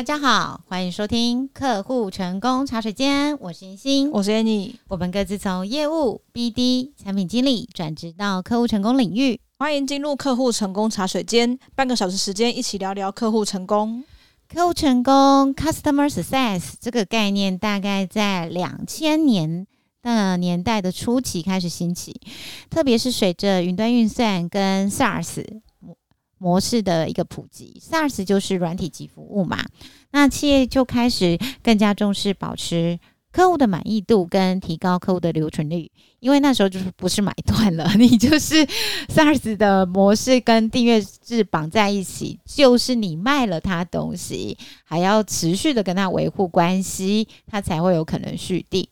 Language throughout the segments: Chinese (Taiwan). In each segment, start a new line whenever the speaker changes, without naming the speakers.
大家好，歡迎收聽客戶成功茶水間。我是銀心，我是 Annie。我們各自從業務、BD、產品經理轉職到客戶成功領域。歡迎進入客戶成功茶水間，半個小時時間一起聊聊客戶成功。客戶成功 （Customer Success） 這個概念大概在兩千年的年代的初期開始興起，特別是隨着雲端運算跟 SaaS。模式的一個普及，SaaS 就是軟體即服務嘛，那企業就開始更加重視保持客戶的滿意度跟提高客戶的留存率，因為那時候就是不是買斷了，你就是 SaaS 的模式跟訂閱制綁在一起，就是你賣了他東西，還要持續的跟他維護關係，他才會有可能續訂。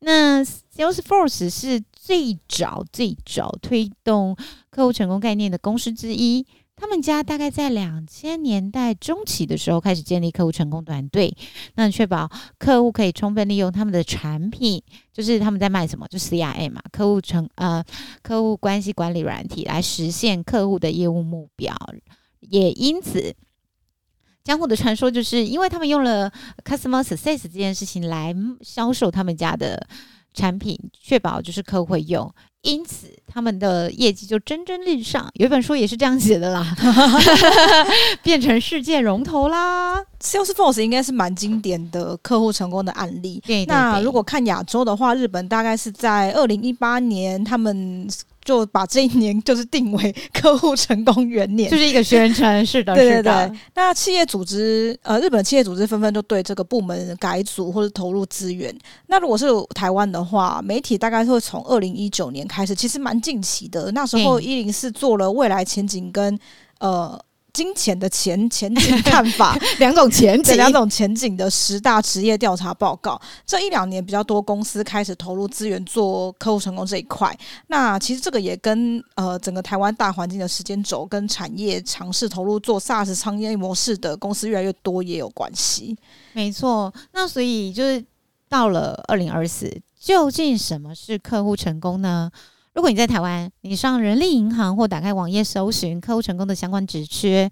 那 Salesforce 是最早最早推動客戶成功概念的公司之一。他們家大概在兩千年代中期的時候開始建立客戶成功團隊，那確保客戶可以充分利用他們的產品，就是他們在賣什麼，就 CRM 嘛，客戶成呃，客戶關係管理軟體來實現客戶的業務目標。也因此，江湖的傳說就是因為他們用了 Customer Success 這件事情來銷售他們家的。產品，確保就是客戶會用，因此他們的業績就蒸蒸日上。有一本書也是這樣寫的啦， 變成世界龍頭啦。Salesforce 應
該是蠻經典的客戶成功的案例。對對對。那如果看亞洲的話，日本大概是在二零一八年他們。就把這一年就是定為客戶成功元年，就是一個宣傳，是的，是的， 對對對。那企業組織，呃，日本企業組織紛紛，紛就對這個部門改組或者投入資源。那如果是台灣的話，媒體大概是會從二零一九年開始，其實蠻近期的。那時候一零四做了未來前景跟，嗯、呃。金錢的前前景看法， 兩種前景， 兩種前景的十大職業調查報告。這一兩年比較多公司開始投入資源做客戶成功這一塊。那其實這個也跟呃整個台灣大環境的時間軸跟產業嘗試投入做 SaaS 商業模式的公司越來越多也有關係。
沒錯，那所以就是到了二零二四，究竟什麼是客戶成功呢？如果你在台灣，你上人力銀行或打開網頁搜尋客戶成功的相關職缺，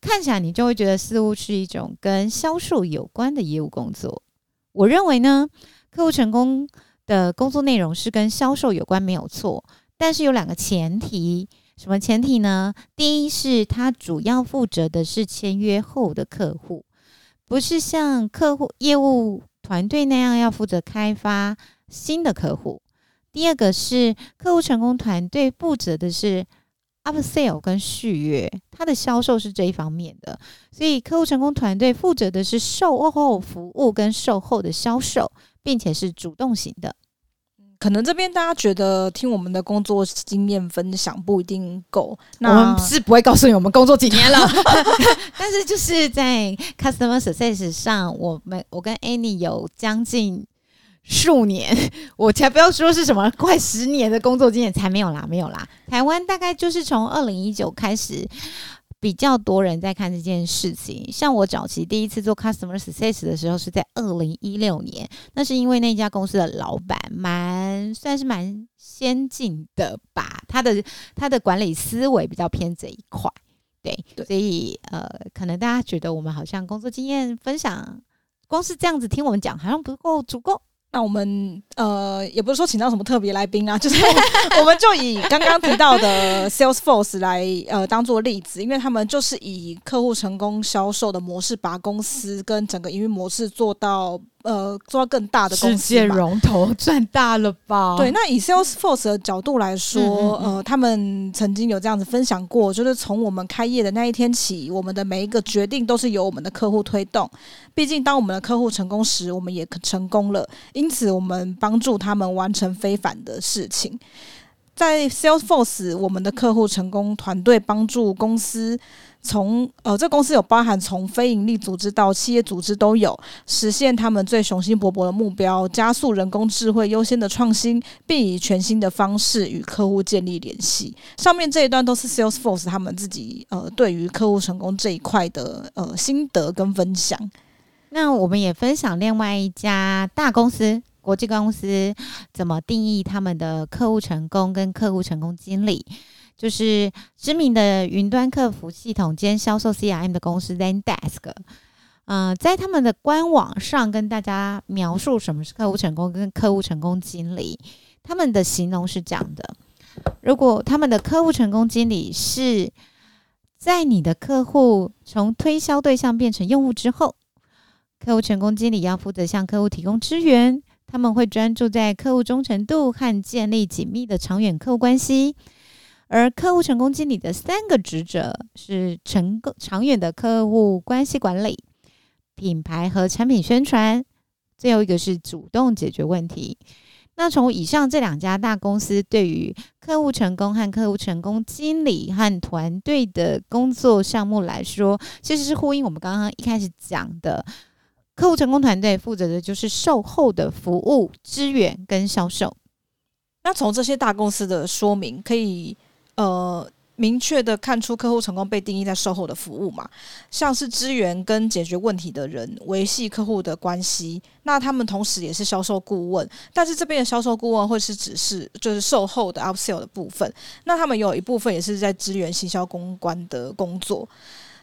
看起來你就會覺得似乎是一種跟銷售有關的業務工作。我認為呢，客戶成功的工作內容是跟銷售有關，沒有錯。但是有兩個前提，什麼前提呢？第一是它主要負責的是簽約後的客戶，不是像客戶業務團隊那樣要負責開發新的客戶。第二個是客戶成功團隊負責的是 upsell 跟續約，它的銷售是這一方面的，所以客戶成功團隊負責的是售後服務跟售後的銷售，並且是主動型的。
嗯，可能這邊大家覺得聽我們的工作經驗分享不一定夠，那我們是
不會告訴你我們工作幾年了 但是就是在 customer success 上，我們我跟 Annie 有將近。數年，我才不要說是什麼快十年的工作經驗，才沒有啦，沒有啦。台灣大概就是從二零一九開始，比較多人在看這件事情。像我早期第一次做 customer success 的時候，是在二零一六年。那是因為那家公司的老闆蠻算是蠻先進的吧，他的他的管理思維比較偏這一塊。對，對，所以呃，可能大家覺得我們好像工作經驗分享，光是這樣子聽我們講，好像不夠足夠。那我們呃，也不是說請
到什麼特別來賓啊，就是我們， 我們就以剛剛提到的 Salesforce 來呃當做例子，因為他們就是以客戶成功銷售的模式，把公司跟整個營運模式做到。呃，做到更大的貢獻龍
頭賺大了吧？對，那
以 Salesforce 的角度來說，嗯，呃，他們曾經有這樣子分享過，就是從我們開業的那一天起，我們的每一個決定都是由我們的客戶推動。畢竟，當我們的客戶成功時，我們也成功了。因此，我們幫助他們完成非凡的事情。在 Salesforce，我們的客戶成功團隊幫助公司從呃，這個公司有包含從非營利組織到企業組織都有實現他們最雄心勃勃的目標，加速人工智慧優先的創新，並以全新的方式與客戶建立聯繫。上面這一段都是 Salesforce 他
們自己呃對於客戶成功這一塊的呃心得跟分享。那我們也分享另外一家大公司，國際公司怎麼定義他們的客戶成功跟客戶成功經理？就是知名的雲端客服系統兼銷售 CRM 的公司 Zendesk，呃，在他們的官網上跟大家描述什麼是客戶成功跟客戶成功經理，他們的形容是這樣的：如果他們的客戶成功經理是在你的客戶從推銷對象變成用戶之後，客戶成功經理要負責向客戶提供支援。他們會專注在客戶忠誠度和建立緊密的長遠客戶關係，而客戶成功經理的三個職責是成長遠的客戶關係管理、品牌和產品宣傳，最後一個是主動解決問題。那從以上這兩家大公司對於客戶成功和客戶成功經理和團隊的工作項目來說，其實是呼應我們剛剛一開始講的。客戶成功團隊負責的就是售後的服務、支援跟銷售。
那從這些大公司的說明，可以呃明確的看出，客戶成功被定義在售後的服務嘛，像是支援跟解決問題的人，維繫客戶的關係。那他們同時也是銷售顧問，但是這邊的銷售顧問會是只是就是售後的 upsell 的部分。那他們有一部分也是在支援行銷公關的工作。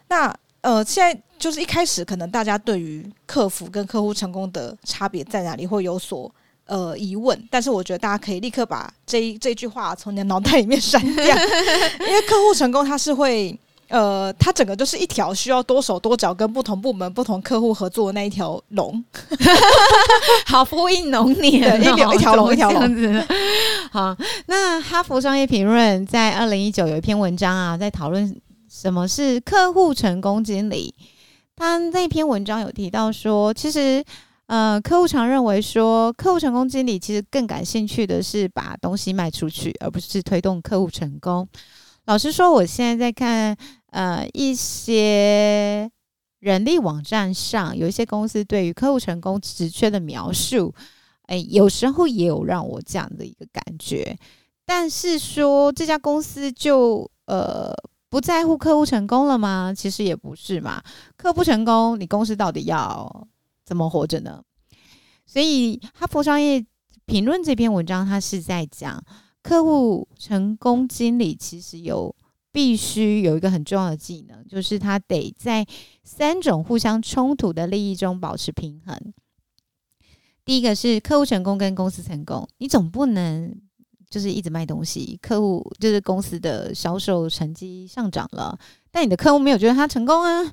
那呃，現在就是一開始，可能大家對於客服跟客戶成功的差別在哪裡會有所呃疑問，但是我覺得大家可以立刻把這一這一句話從你的腦袋裡面刪掉， 因為客戶成功它是會呃，它整個就是一條需要多手多腳跟不同部門、不同客戶合作的那
一條龍， 好呼應龍年的一條龍一條龍。好，那《哈佛商業評論》在二零一九有一篇文章啊，在討論。什麼是客戶成功經理？他那篇文章有提到說，其實呃，客戶常認為說，客戶成功經理其實更感興趣的是把東西賣出去，而不是推動客戶成功。老實說，我現在在看呃一些人力網站上，有一些公司對於客戶成功職缺的描述，誒、哎，有時候也有讓我這樣的一個感覺。但是說這家公司就呃。不在乎客戶成功了嗎？其實也不是嘛。客戶不成功，你公司到底要怎麼活着呢？所以哈佛商業評論這篇文章，它是在講客戶成功經理其實有必須有一個很重要的技能，就是他得在三種互相衝突的利益中保持平衡。第一個是客戶成功跟公司成功，你總不能。就是一直賣東西，客戶就是公司的銷售成績上漲了，但你的客戶沒有覺得他成功啊。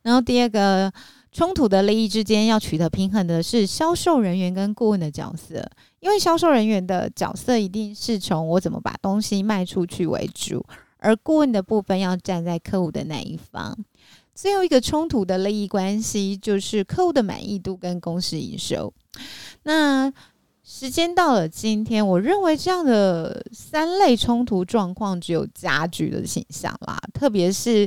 然後第二個衝突的利益之間要取得平衡的是銷售人員跟顧問的角色，因為銷售人員的角色一定是從我怎麼把東西賣出去為主，而顧問的部分要站在客戶的那一方。最後一個衝突的利益關係就是客戶的滿意度跟公司營收。那時間到了，今天我認為這樣的三類衝突狀況只有加劇的現象啦，特別是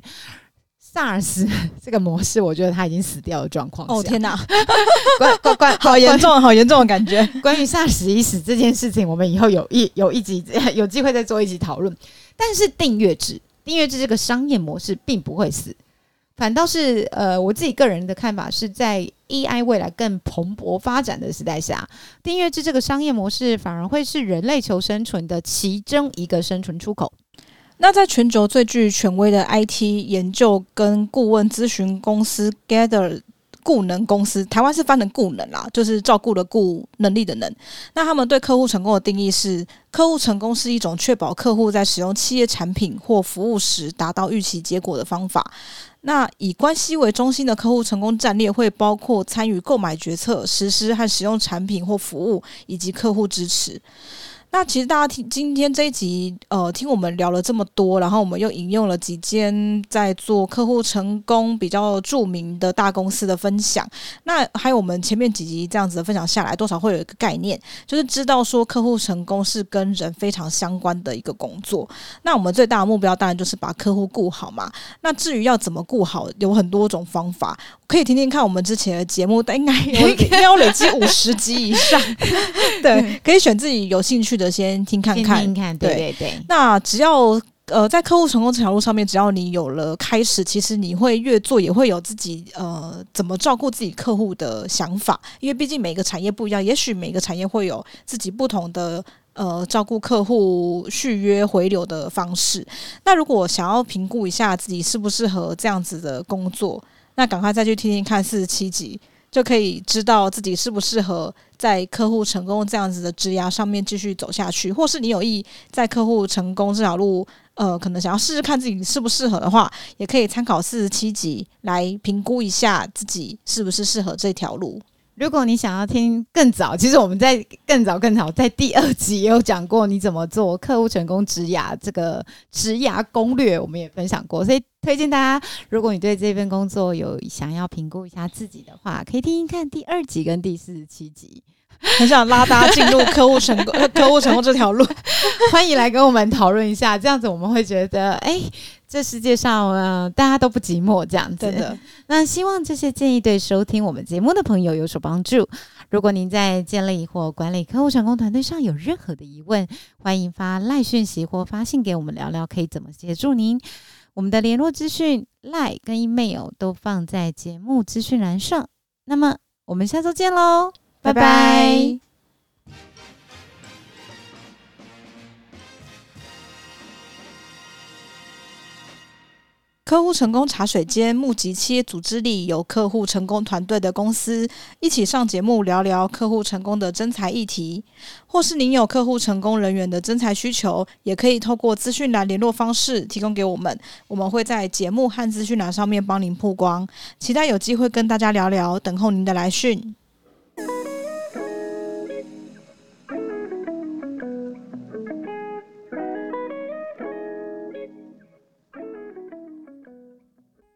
薩爾斯這個模式，我覺得他已經死掉的狀況。哦天哪， 關關關，好嚴重，好嚴重的感覺。關於薩爾斯已死這件事情，我們以後有一有一集有機會再做一集討論。但是訂閱制，訂閱制這個商業模式並不會死，反倒是呃，我自己個人的看法是在。AI 未來更蓬勃發展的時代下，訂閱制這個商業模式反而會是人類求生存的其中一個生存出口。那在全球最具權威
的 IT 研究跟顧問諮詢公司 Gather。顧能公司，台灣是翻成顧能啦，就是照顧的顧、能力的能。那他們對客戶成功的定義是：客戶成功是一種確保客戶在使用企業產品或服務時達到預期結果的方法。那以關係為中心的客戶成功戰略會包括參與購買決策、實施和使用產品或服務，以及客戶支持。那其實大家聽今天這一集，呃，聽我們聊了這麼多，然後我們又引用了幾間在做客戶成功比較著名的大公司的分享。那還有我們前面幾集這樣子的分享下來，多少會有一個概念，就是知道說客戶成功是跟人非常相關的一個工作。那我們最大的目標當然就是把客戶顧好嘛。那至於要怎麼顧好，有很多種方法，可以聽聽看我們之前的節目，但應該一定要累積五十集以上。 對，可以選自己有興趣的。先聽看看，先聽聽看，對對對。對。那只要呃，在客戶成功這條路上面，只要你有了開始，其實你會越做也會有自己呃怎麼照顧自己客戶的想法。因為畢竟每個產業不一樣，也許每個產業會有自己不同的呃照顧客戶續約回流的方式。那如果想要評估一下自己適不適合這樣子的工作，那趕快再去聽聽看四十七集，就可以知道自己適不適合在客戶成功這樣子的職涯上面繼續走下去，或是你有意在客戶成功這條路，呃，可能想要試試看自己適不適合的話，也可以參考四十七集來評估一下自己是不是適合這
條路。如果你想要聽更早，其實我們在更早更早、更早在第二集也有講過，你怎麼做客戶成功職涯這個職涯攻略，我們也分享過，所以推薦大家，如果你對這份工作有想要評估一下自己的話，可以聽聽看第二集跟第四十七集。很想拉大家進入客戶成功、客 戶成功這條路， 歡迎來跟我們討論一下，這樣子我們會覺得，哎，這世界上、呃、大家都不寂寞，這樣子的。那希望這些建議對收聽我們節目的朋友有所幫助。如果您在建立或管理客戶成功團隊上有任何的疑問，歡迎發賴訊息或發信給我們聊聊，可以怎麼協助您。我們的聯絡資訊賴跟 email 都放在節目資訊欄上。那麼我們下周見嘍！拜拜。
客戶成功茶水間募集企業組織裡有客戶成功團隊的公司，一起上節目聊聊客戶成功的徵才議題。或是您有客戶成功人員的徵才需求，也可以透過資訊欄聯絡方式提供給我們，我們會在節目和資訊欄上面幫您曝光。期待有機會跟大家聊聊，等候您的來訊。